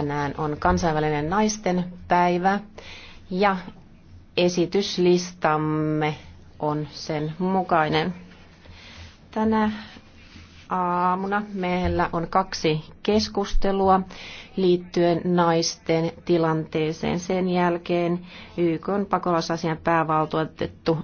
tänään on kansainvälinen naisten päivä ja esityslistamme on sen mukainen. Tänä aamuna meillä on kaksi keskustelua liittyen naisten tilanteeseen. Sen jälkeen YK on pakolaisasian päävaltuutettu